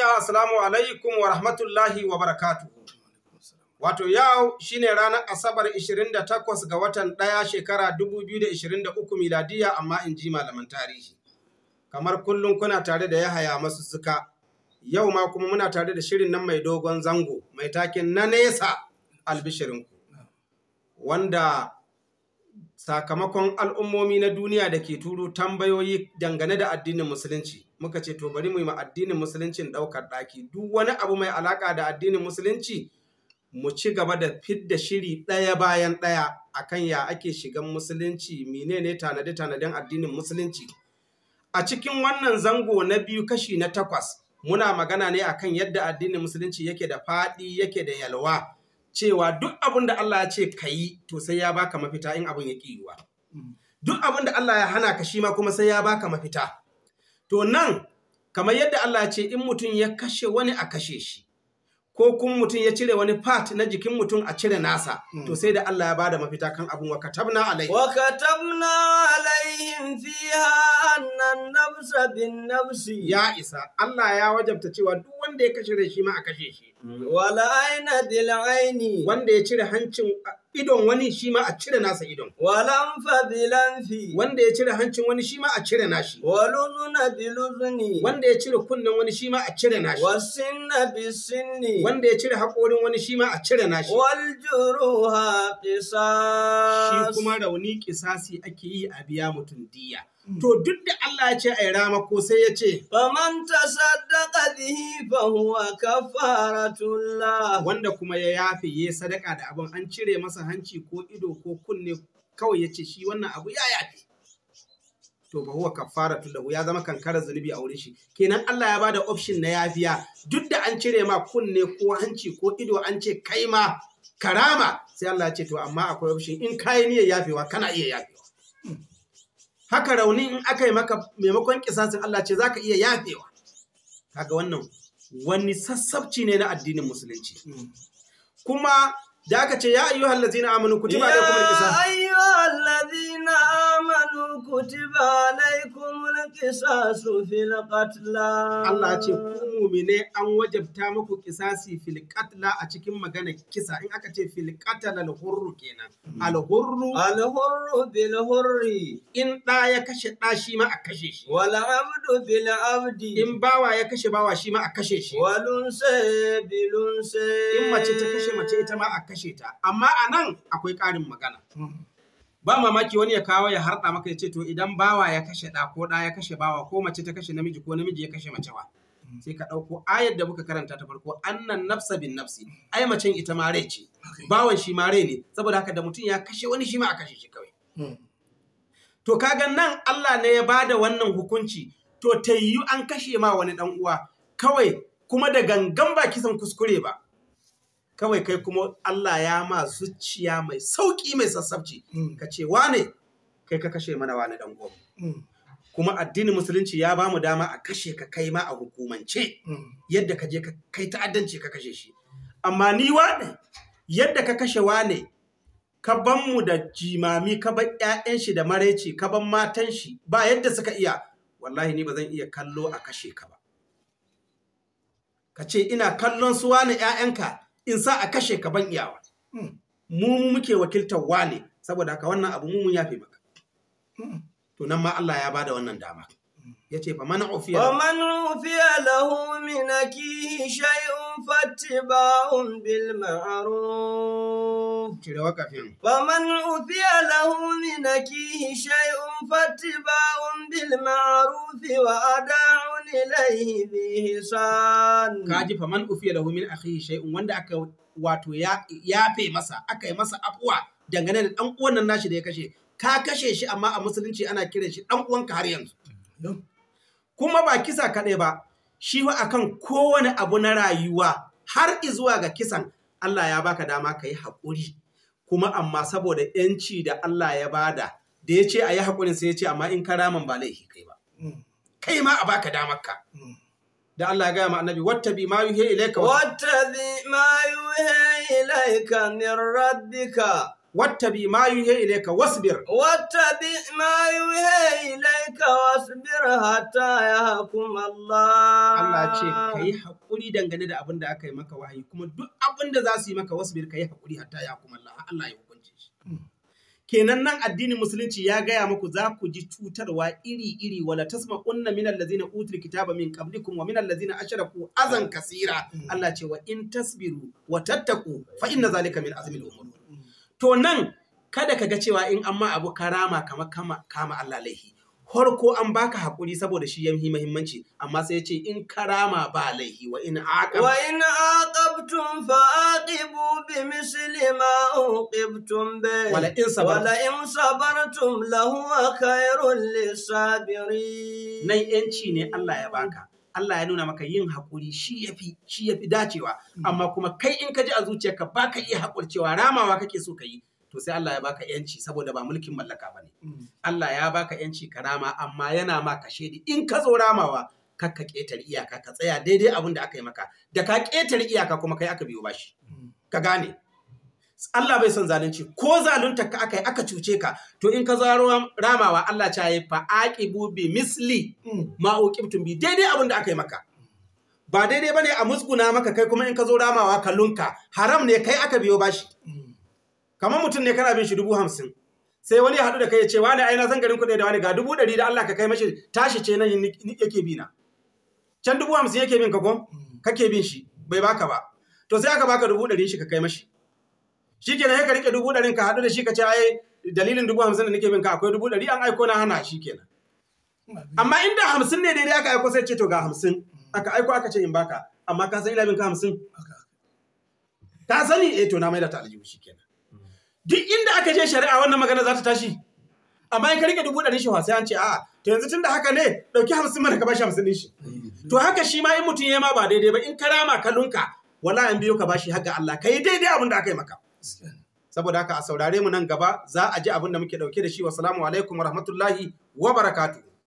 duniya assalamu alaikum wa rahmatullahi wa barakatu. wato yau shine ranar asabar 28 ga watan ɗaya shekara 2023 miladiya amma in ji malaman tarihi kamar kullum kuna tare da yahaya masu suka yau ma kuma muna tare da shirin nan mai dogon zango mai takin na nesa albishirinku wanda sakamakon al'ummomi na duniya da ke turo tambayoyi dangane da addinin musulunci muka ce to bari mu yi addinin musulunci ɗaukar ɗaki duk wani abu mai alaƙa da addinin musulunci mu ci gaba da fidda shiri ɗaya bayan ɗaya akan ya ake shigan musulunci menene tanade tanadin addinin musulunci a cikin wannan zango na biyu kashi na takwas muna magana ne akan yadda addinin musulunci yake da faɗi yake da yalwa cewa duk abin da Allah ya ce ka yi to sai ya baka mafita in abin ya ƙi yiwuwa. Mm. Duk abin da Allah ya hana ka shi ma kuma sai ya baka mafita. To nan, kamar yadda Allah ya ce in mutum ya kashe wani a kashe shi, ko kuma mutum ya cire wani fat na jikin mutum a cire nasa, mm. to sai da Allah ya da mafita kan abin wa katabna alaihim. Wa katabna alaihim fiha Ya isa, Allah ya wajabta cewa duk wanda ya kashe da shi ma a kashe shi. Wala aina dil aini. Wanda ya cire hancin idon wani shi ma a cire nasa idon. Walan fadilan fi. Wanda ya cire hancin wani shi ma a cire nashi. na biluzuni. Wanda ya cire kunnen wani shi ma a cire nashi. na bisinni. Wanda ya cire haƙorin wani shi ma a cire nashi. Wal juruha qisas. Shi kuma rauni kisasi ake yi a biya mutum diya. Hmm. To duk da Allah ya ce a rama ko sai ya ce, Faman ta sadaka bihi fa huwa kafaratullah. Wanda kuma ya yafe ya sadaka da abin an cire masa masa hanci ko ido ko kunne kawai ya ce shi wannan abu ya yafe. to ba huwa kafara lahu ya zama kankarar zunubi a wurin shi kenan Allah ya bada option na yafiya duk da an cire ma kunne ko hanci ko ido an ce kai ma karama sai Allah ya ce to amma akwai option in kai niyyar yafewa kana iya yafewa haka rauni in aka yi maka maimakon kisasin Allah ce zaka iya yafewa kaga wannan wani sassabci ne na addinin musulunci hmm. kuma da aka ce ya ayyuhal ladzina amanu kutiba kuma kuma ya ayyuhal الذين آمنوا كتب عليكم القصاص في القتلى الله ce ku mumine an wajabta muku kisasi fil qatla a cikin magana kisa in aka ce fil qatl al hurr kenan hmm. al hurr al hurr bil hurr in da ya kashe da shi ma a kashe shi wal abdu bil abdi in bawa ya kashe bawa shi ma a kashe shi walun sai bilun sai in mace ta kashe mace ita ma a kashe ta amma anan akwai ƙarin magana hmm. ba mamaki wani ya kawo ya harɗa maka ya ce to idan bawa ya kashe ɗa ko ɗa ya kashe bawa ko mace ta kashe namiji ko namiji ya kashe mace ba hmm. sai ka ɗauko ayar da muka karanta ta farko annan nafsa bin nafsi ai macen ita mare ce bawan shi mare ne saboda haka da mutum ya kashe wani shi ma a kashe shi kawai hmm. to kaga nan Allah ne ya bada wannan hukunci to tayyu an kashe ma wani dan uwa kawai kuma da gangan ba kisan kuskure ba kawai kai kuma Allah ya ma zuciya mai sauƙi mai sassabci mm. ka ce wane kai ka kashe mana wani dan mm. kuma addinin musulunci ya ba mu dama a kashe ka kai ma a hukumance mm. yadda ka je ka kai ta'addanci ka kashe shi amma ni wane yadda ka kashe wane ka ban mu da jimami ka ban ƴaƴan shi da maraici ka ban matan shi ba yadda suka iya wallahi ni ba zan iya kallo a kashe ka ba ka ce ina kallon su wane ƴaƴanka in sa a kashe ka ban iyawa mu muke wakiltar wane saboda haka wannan abu mun yafe maka to nan ma Allah ya bada wannan dama yace fa man ufiya fa man ufiya lahu min akihi shay'un fattiba'un bil ma'ruf kira wakafin fa man ufiya lahu min akihi shay'un fattiba'un bil ma'ruf wa ada'u ilaihi bi ihsan ufiya lahu min shay'un wanda aka wato ya yafe masa aka yi masa afuwa dangane da dan uwan nan nashi da ya kashe ka kashe shi amma a musulunci ana kiran shi dan uwanka har yanzu kuma ba kisa kaɗai ba shi fa akan kowane abu na rayuwa har izuwa ga kisan Allah ya baka dama ka yi haƙuri kuma amma saboda ‘yanci da Allah ya bada da ya ce a yi haƙurin sai ya ce amma in ka ramin ba laifi kai ba kai ma a baka damar ka hmm. da Allah ya gaya ma annabi wattabi ma yuhe ilayka wattabi ma yuhe ilayka min rabbika wattabi ma yuhe ilayka wasbir wattabi ma yuhe ilayka wasbir hata ya hakun Allah Allah ce ka yi haƙuri dangane da abin da aka yi maka wahayi kuma duk abin da za su yi maka wasbir haƙuri hata ya hakun Allah Allah ya hukunce shi hmm. kenan nan addinin musulunci ya gaya muku za ku ji cutarwa iri-iri wala tasma unna min allazina utul kitaba min qablikum wa min allazina ashraku azan kasira Allah ce wa in tasbiru wa tattaku fa inna zalika min azmil umur mm. to nan kada ka ga cewa in amma abu karama kama kama Allah laihi farko an baka hakuri saboda shi ya muhimmanci amma sai ya ce in karama ba laihi wa in aqab wa in aqabtum fa aqibu bi misli ma uqibtum bi wala in sabartum wala in sabartum lahu khairul lisabirin nan yanci ne Allah ya baka Allah ya nuna maka yin haƙuri shi yafi shi yafi dacewa hmm. amma kuma kai in ka ji a zuciyarka baka iya haƙurcewa ramawa kake so ka yi to sai Allah ya baka yanci saboda ba mulkin mallaka ba ne mm. Allah ya baka yanci ka rama amma yana ma kashe in ka zo ramawa kar ka ƙetare iyaka ka tsaya daidai abin da aka yi maka da ka ƙetare iyaka kuma kai aka biyo bashi mm. ka gane Allah bai son zalunci ko zalunta ka aka aka cuce ka to in ka zaro ramawa Allah ta yi fa aqibu bi misli mm. ma uqibtum bi daidai abin da aka yi maka ba daidai bane a musguna maka kai kuma in ka zo ramawa ka haram ne kai aka biyo bashi kamar mutum ne kana bin shi dubu hamsin sai wani ya haɗu da kai ya ce wani aina zan garin kuɗi da wani ga dubu ɗari da Allah ka kai mashi tashi ce nan yake bi na can dubu hamsin yake bin ka ko kake bin shi bai baka ba to sai aka baka dubu ɗari shi ka kai mashi shi kenan ya ka rike dubu ɗarin ka haɗu da shi ka ce ai dalilin dubu hamsin da nake bin ka akwai dubu ɗari an aiko na hana shi kenan amma inda hamsin ne daidai aka aiko sai ce to ga hamsin aka aiko aka ce in baka amma ka san ila bin ka hamsin ka sani eh to na mai da ta aljihu shi kenan duk inda aka je shari'a wannan magana za ta tashi amma in ka rike dubu ɗari shi sai an ce a'a to yanzu tunda haka ne ɗauki hamsin mana ka bashi hamsin ɗin shi to haka shi ma in mutum ya ma ba daidai ba in ka rama ka lunka wala an biyo ka bashi haka Allah ka yi daidai abin da aka yi maka saboda haka a saurare mu nan gaba za a ji abin da muke ɗauke da shi wa salamu alaikum wa rahmatullahi wa barakatu.